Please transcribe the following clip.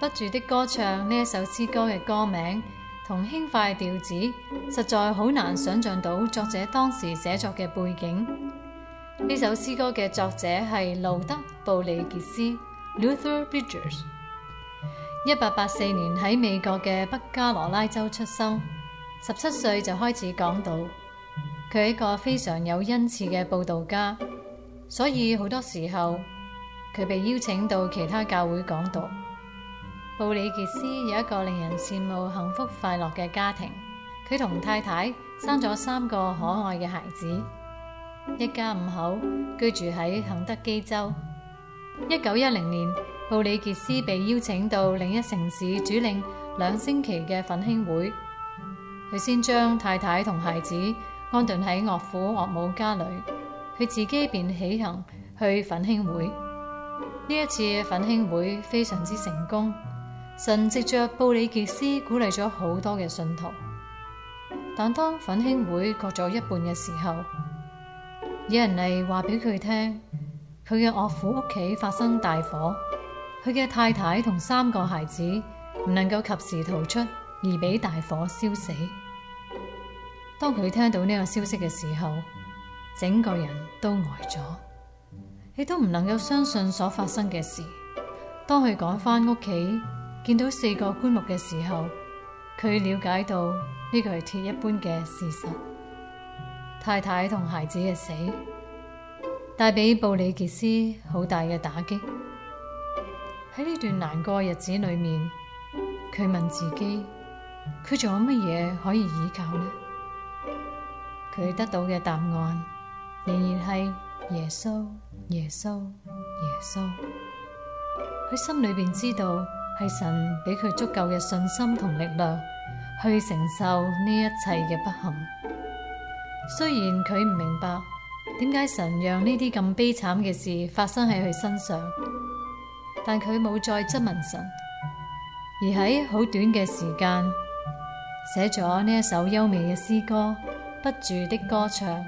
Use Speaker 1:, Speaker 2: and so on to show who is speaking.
Speaker 1: 不住的歌唱，呢一首詩歌嘅歌名同輕快調子，實在好難想象到作者當時寫作嘅背景。呢首詩歌嘅作者係路德·布里傑斯 （Luther Bridges），一八八四年喺美國嘅北加羅拉州出生，十七歲就開始講道。佢係一個非常有恩賜嘅布道家，所以好多時候佢被邀請到其他教會講道。布里傑斯有一個令人羨慕、幸福快樂嘅家庭。佢同太太生咗三個可愛嘅孩子，一家五口居住喺肯德基州。一九一零年，布里傑斯被邀請到另一城市主領兩星期嘅奮興會，佢先將太太同孩子安頓喺岳父岳母家裏，佢自己便起行去奮興會。呢一次奮興會非常之成功。神藉着布里傑斯鼓勵咗好多嘅信徒，但當粉興會割咗一半嘅時候，有人嚟話俾佢聽，佢嘅岳父屋企發生大火，佢嘅太太同三個孩子唔能夠及時逃出，而俾大火燒死。當佢聽到呢個消息嘅時候，整個人都呆咗，亦都唔能夠相信所發生嘅事。當佢趕返屋企，見到四個棺木嘅時候，佢了解到呢個係鐵一般嘅事實。太太同孩子嘅死，帶俾布里傑斯好大嘅打擊。喺呢段難過嘅日子裏面，佢問自己：佢仲有乜嘢可以依靠呢？佢得到嘅答案，仍然係耶穌，耶穌，耶穌。佢心裏邊知道。係神俾佢足夠嘅信心同力量，去承受呢一切嘅不幸。雖然佢唔明白點解神讓呢啲咁悲慘嘅事發生喺佢身上，但佢冇再質問神，而喺好短嘅時間寫咗呢一首優美嘅詩歌，不住的歌唱。